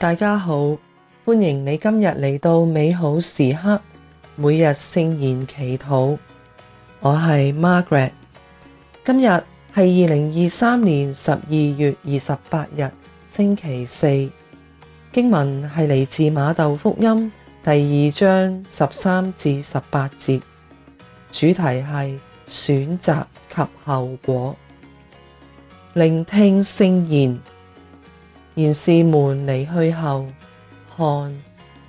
大家好，歡迎你今日嚟到美好時刻每日聖言祈禱。我係 Margaret，今日係二零二三年十二月二十八日星期四。經文係嚟自馬竇福音第二章十三至十八節，主題係選擇及後果。聆聽聖言。賢士們離去後，看，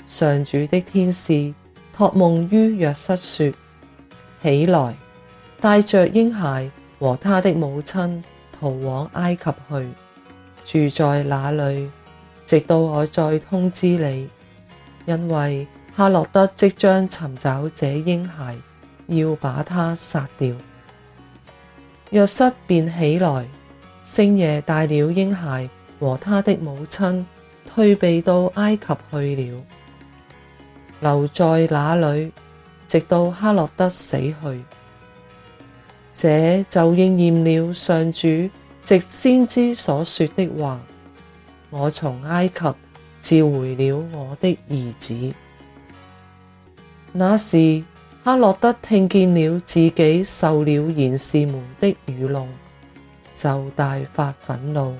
上主的天使託夢於若瑟說：起來，帶着嬰孩和他的母親，逃往埃及去，住在那裏，直到我再通知你，因為黑落德即將尋找這嬰孩，要把他殺掉。若瑟便起來，星夜帶了嬰孩。和他的母親退避到埃及去了，留在那裏，直到黑落德死去。這就應驗了上主藉先知所說的話：我從埃及召回了我的兒子。那時黑落德聽見了自己受了賢士們的愚弄，就大發忿怒。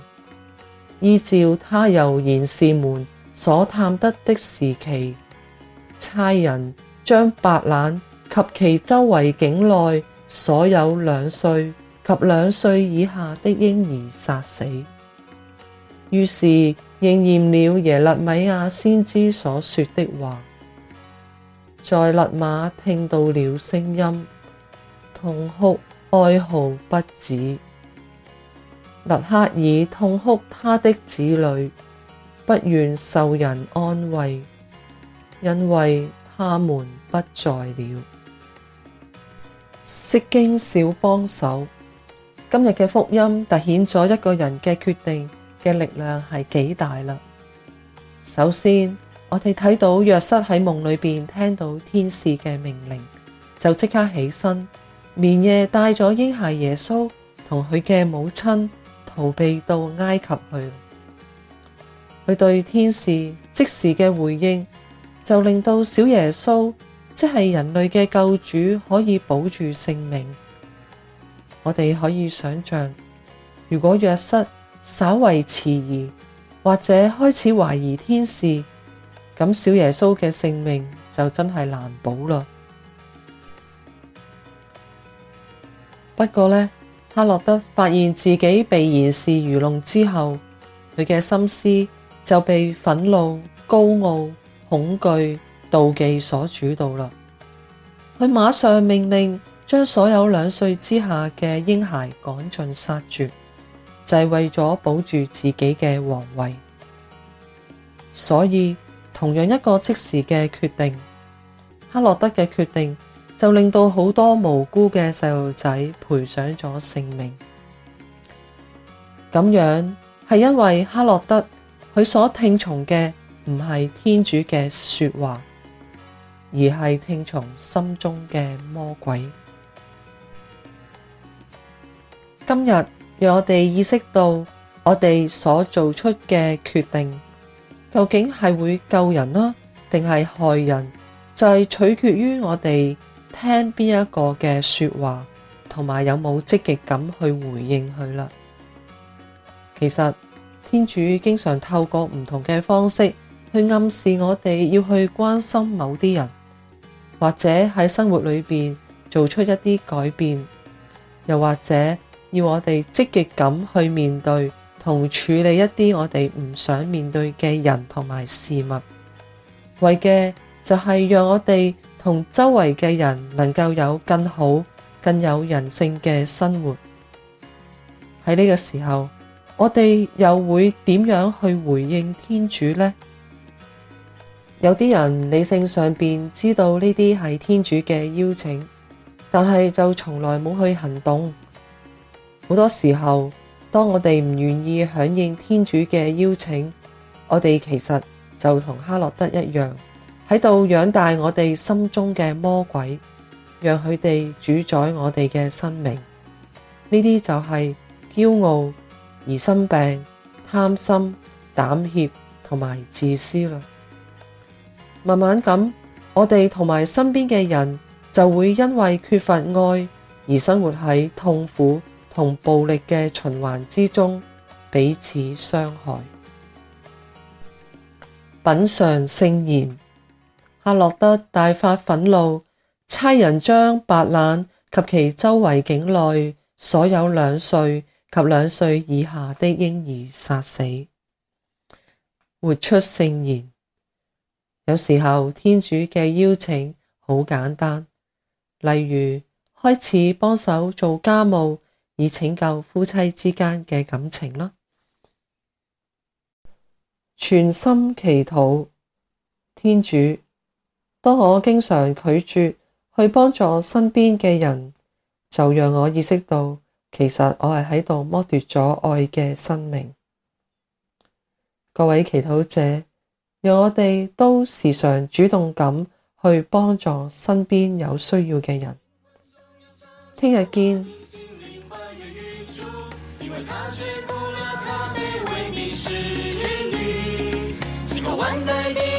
依照他由賢士們所探得的時期，差人將白冷及其周圍境內所有兩歲及兩歲以下的嬰兒殺死。於是應驗了耶肋米亞先知所說的話，在辣瑪聽到了聲音，痛哭哀號不止，辣黑爾痛哭，他的子女不願受人安慰，因為他們不在了。釋經小幫手，今日嘅福音突顯咗一個人嘅決定嘅力量係幾大啦。首先，我哋睇到若瑟喺夢裏邊聽到天使嘅命令，就即刻起身，連夜帶咗嬰孩耶穌同佢嘅母親。逃避到埃及去，佢對天使即時嘅回應，就令到小耶穌，即係人類嘅救主，可以保住性命。我哋可以想象，如果若瑟稍為遲疑，或者開始懷疑天使，咁小耶穌嘅性命就真係難保啦。不過呢。黑落德發現自己被賢士愚弄之後，佢嘅心思就被憤怒、高傲、恐懼、妒忌所主導啦。佢馬上命令將所有兩歲之下嘅嬰孩趕盡殺絕，就係、是、為咗保住自己嘅王位。所以，同樣一個即時嘅決定，黑落德嘅決定，就令到好多無辜嘅細路仔賠上咗性命。咁樣係因為黑落德，佢所聽從嘅唔係天主嘅說話，而係聽從心中嘅魔鬼。今日讓我哋意識到，我哋所做出嘅決定，究竟係會救人啦、啊，定係害人，就係、是、取決於我哋。聽邊一個嘅說話，同埋有冇積極咁去回應佢啦？其實天主經常透過唔同嘅方式去暗示我哋要去關心某啲人，或者喺生活裏邊做出一啲改變，又或者要我哋積極咁去面對同處理一啲我哋唔想面對嘅人同埋事物，為嘅就係讓我哋。同周圍嘅人能夠有更好、更有人性嘅生活。喺呢個時候，我哋又會點樣去回應天主呢？有啲人理性上面知道呢啲係天主嘅邀請，但係就從來冇去行動。好多時候，當我哋唔願意響應天主嘅邀請，我哋其實就同黑落德一樣。喺度養大我哋心中嘅魔鬼，讓佢哋主宰我哋嘅生命。呢啲就係驕傲、疑心病、貪心、膽怯同埋自私啦。慢慢咁，我哋同埋身邊嘅人就會因為缺乏愛而生活喺痛苦同暴力嘅循環之中，彼此傷害。品嚐聖言。黑落德大發忿怒，差人將白冷及其周圍境內所有兩歲及兩歲以下的嬰兒殺死。活出聖言。有時候天主嘅邀請好簡單，例如開始幫手做家務，以拯救夫妻之間嘅感情啦。全心祈禱，天主。當我經常拒絕去幫助身邊嘅人，就讓我意識到，其實我係喺度剝奪咗愛嘅生命。各位祈禱者，讓我哋都時常主動咁去幫助身邊有需要嘅人。聽日見。